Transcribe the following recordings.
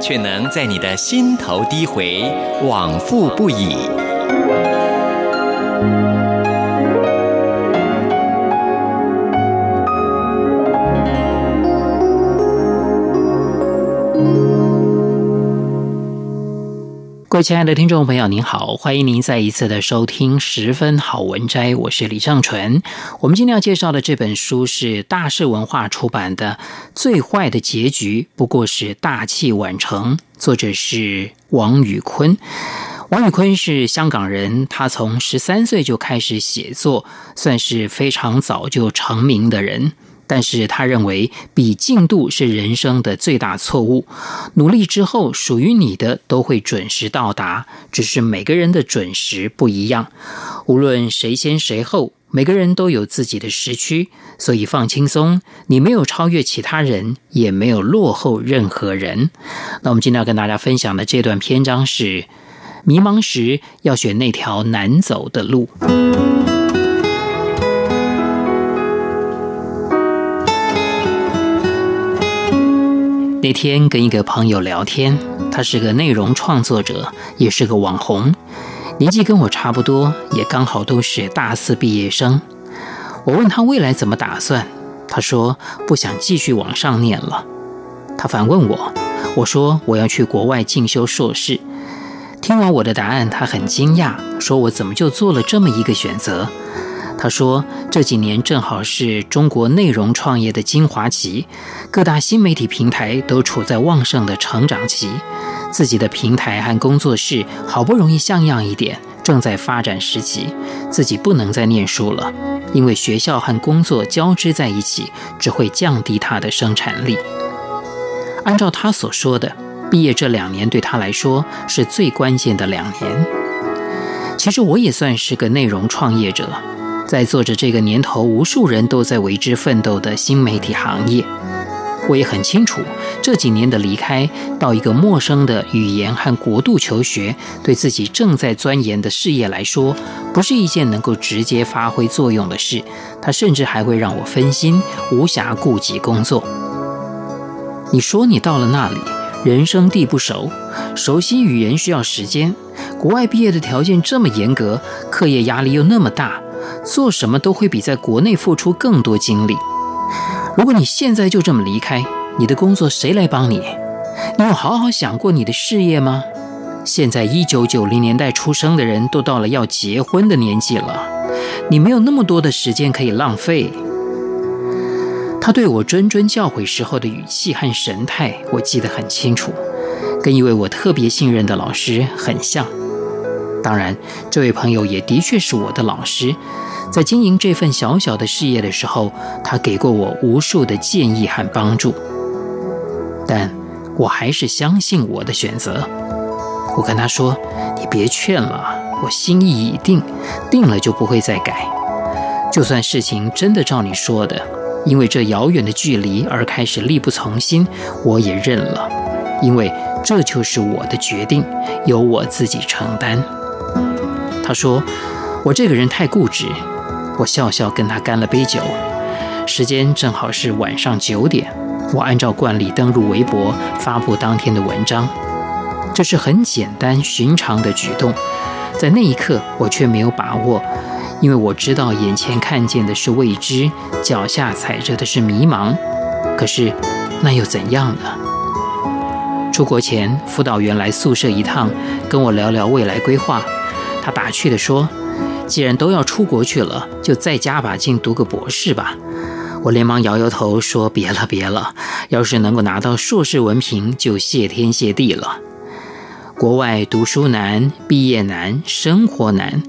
卻能在你的心頭低回，往復不已。各位親愛的聽眾朋友，您好，歡迎您再一次的收聽十分好文摘，我是李尚純。我們今天要介紹的這本書是大是文化出版的《最壞的結局不過是大器晚成》，作者是王宇昆。王宇昆是香港人，他從十三歲就開始寫作，算是非常早就成名的人。但是他認為比進度是人生的最大錯誤。努力之後，屬於你的都會準時到達，只是每個人的準時不一樣。無論誰先誰後，每個人都有自己的時區，所以放輕鬆。你沒有超越其他人，也沒有落後任何人。那我們今天要跟大家分享的這段篇章是：迷茫時要選那條難走的路。那天跟一個朋友聊天，他是個內容創作者，也是個網紅，年紀跟我差不多，也剛好都是大四畢業生。我問他未來怎麼打算，他說不想繼續往上念了。他反問我，我說我要去國外進修碩士。聽完我的答案，他很驚訝，說我怎麼就做了這麼一個選擇。他說。這幾年正好是中國內容創業的精華期，各大新媒體平台都處在旺盛的成長期，自己的平台和工作室好不容易像樣一點，正在發展時期，自己不能再念書了，因為學校和工作交織在一起，只會降低他的生產力。按照他所說的，畢業這兩年對他來說是最關鍵的兩年。其實我也算是個內容創業者。在做着這個年頭無數人都在為之奮鬥的新媒體行業，我也很清楚，這幾年的離開，到一個陌生的語言和國度求學，對自己正在鑽研的事業來說，不是一件能夠直接發揮作用的事。它甚至還會讓我分心，無暇顧及工作。你說你到了那裡，人生地不熟，熟悉語言需要時間，國外畢業的條件這麼嚴格，課業壓力又那麼大。做什麼都會比在國內付出更多精力。如果你現在就這麼離開，你的工作誰來幫你？你有好好想過你的事業嗎？現在一九九零年代出生的人都到了要結婚的年紀了，你沒有那麼多的時間可以浪費。他對我諄諄教誨時候的語氣和神態，我記得很清楚，跟一位我特別信任的老師很像。當然，這位朋友也的確是我的老師，在經營這份小小的事業的時候，他給過我無數的建議和幫助。但我還是相信我的選擇。我跟他說：“你別勸了，我心意已定，定了就不會再改。就算事情真的照你說的，因為這遙遠的距離而開始力不從心，我也認了，因為這就是我的決定，由我自己承擔。”他說：“我這個人太固執。”我笑笑跟他乾了杯酒。時間正好是晚上九點，我按照慣例登錄微博，發布當天的文章。這是很簡單尋常的舉動，在那一刻我卻沒有把握，因為我知道眼前看見的是未知，腳下踩着的是迷茫。可是，那又怎樣呢？出國前，輔導員來宿舍一趟，跟我聊聊未來規劃。他打趣地說：“既然都要出國去了，就再加把勁讀個博士吧。”我連忙搖搖頭說：“別了，別了，要是能夠拿到碩士文憑，就謝天謝地了。”國外讀書難，畢業難，生活難，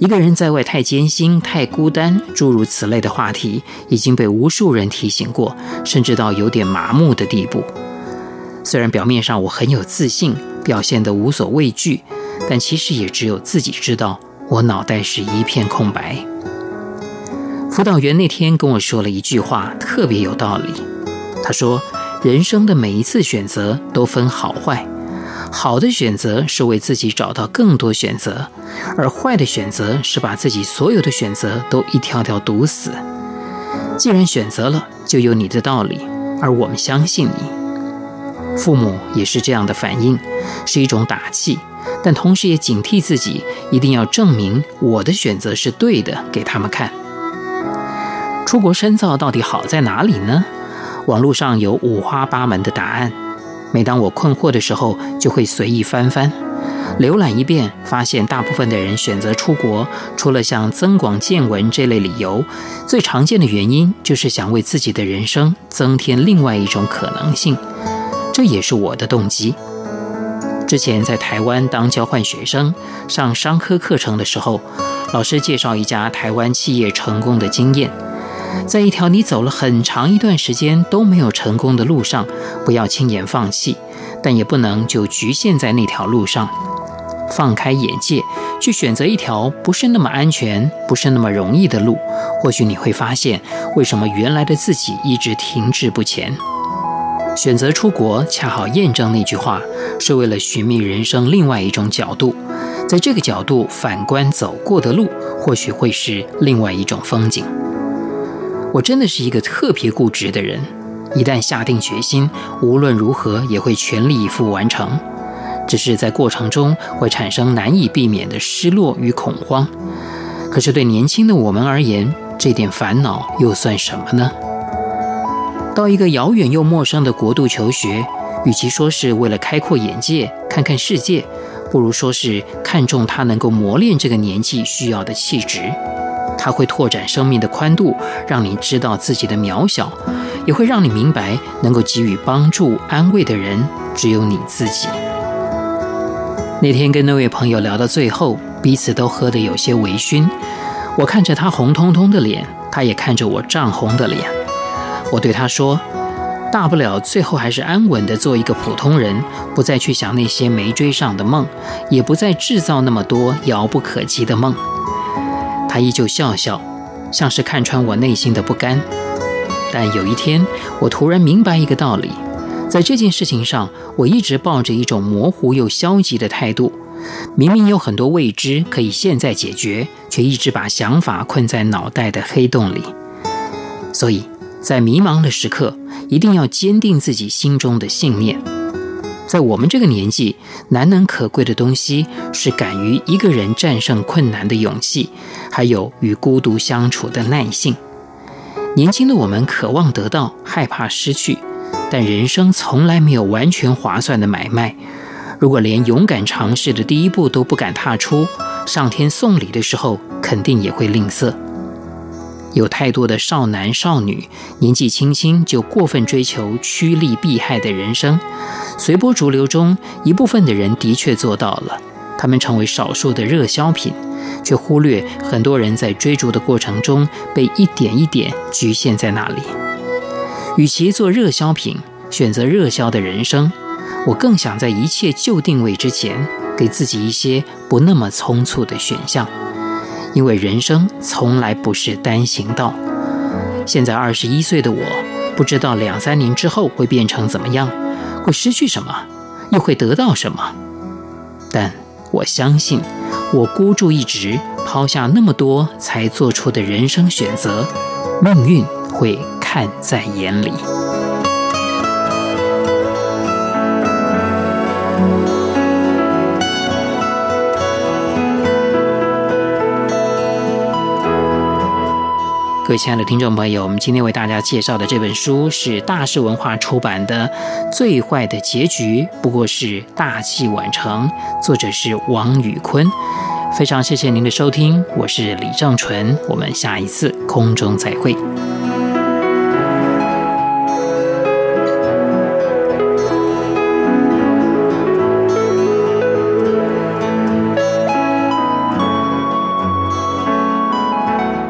一個人在外太艱辛、太孤單，諸如此類的話題已經被無數人提醒過，甚至到有點麻木的地步。雖然表面上我很有自信，表現得無所畏懼。但其實也只有自己知道，我腦袋是一片空白。輔導員那天跟我說了一句話，特別有道理。他說：“人生的每一次選擇都分好壞，好的選擇是為自己找到更多選擇，而壞的選擇是把自己所有的選擇都一條條堵死。既然選擇了，就有你的道理，而我們相信你。”父母也是這樣的反應。是一種打氣，但同時也警惕自己，一定要證明我的選擇是對的，給他們看。出國深造到底好在哪裡呢？網絡上有五花八門的答案。每當我困惑的時候，就會隨意翻翻、瀏覽一遍，發現大部分的人選擇出國，除了像增廣見聞這類理由，最常見的原因就是想為自己的人生增添另外一種可能性。這也是我的動機。之前在台灣當交換學生，上商科課程的時候，老師介紹一家台灣企業成功的經驗，在一條你走了很長一段時間都沒有成功的路上，不要輕言放棄，但也不能就局限在那條路上，放開眼界，去選擇一條不是那麼安全、不是那麼容易的路，或許你會發現，為什麼原來的自己一直停滯不前。選擇出國，恰好驗證那句話，是為了尋覓人生另外一種角度。在這個角度反觀走過的路，或許會是另外一種風景。我真的是一個特別固執的人，一旦下定決心，無論如何也會全力以赴完成。只是在過程中會產生難以避免的失落與恐慌。可是對年輕的我們而言，這點煩惱又算什麼呢？到一個遙遠又陌生的國度求學，與其說是為了開闊眼界、看看世界，不如說是看中他能夠磨練這個年紀需要的氣質。他會拓展生命的寬度，讓你知道自己的渺小，也會讓你明白能夠給予幫助、安慰的人只有你自己。那天跟那位朋友聊到最後，彼此都喝得有些微醺，我看着他紅彤彤的臉，他也看着我漲紅的臉。我對他說：“大不了最後還是安穩地做一個普通人，不再去想那些沒追上的夢，也不再製造那麼多遙不可及的夢。”他依舊笑笑，像是看穿我內心的不甘。但有一天，我突然明白一個道理：在這件事情上，我一直抱着一種模糊又消極的態度。明明有很多未知可以現在解決，卻一直把想法困在腦袋的黑洞裡。所以，在迷茫的時刻，一定要堅定自己心中的信念。在我們這個年紀，難能可貴的東西是敢於一個人戰勝困難的勇氣，還有與孤獨相處的耐性。年輕的我們渴望得到，害怕失去，但人生從來沒有完全划算的買賣。如果連勇敢嘗試的第一步都不敢踏出，上天送禮的時候肯定也會吝嗇。有太多的少男少女，年紀輕輕就過分追求趨利避害的人生，隨波逐流中，一部分的人的確做到了，他們成為少數的熱銷品，卻忽略很多人在追逐的過程中被一點一點局限在那裡。與其做熱銷品，選擇熱銷的人生，我更想在一切就定位之前，給自己一些不那麼匆促的選項。因為人生從來不是單行道。現在二十一歲的我，不知道兩三年之後會變成怎麼樣，會失去什麼，又會得到什麼。但我相信，我孤注一擲、拋下那麼多才做出的人生選擇，命運會看在眼裡。各位親愛的聽眾朋友，我們今天為大家介紹的這本書是大是文化出版的《最壞的結局》，不過是大器晚成，作者是王宇昆。非常謝謝您的收聽，我是李正淳，我們下一次空中再會。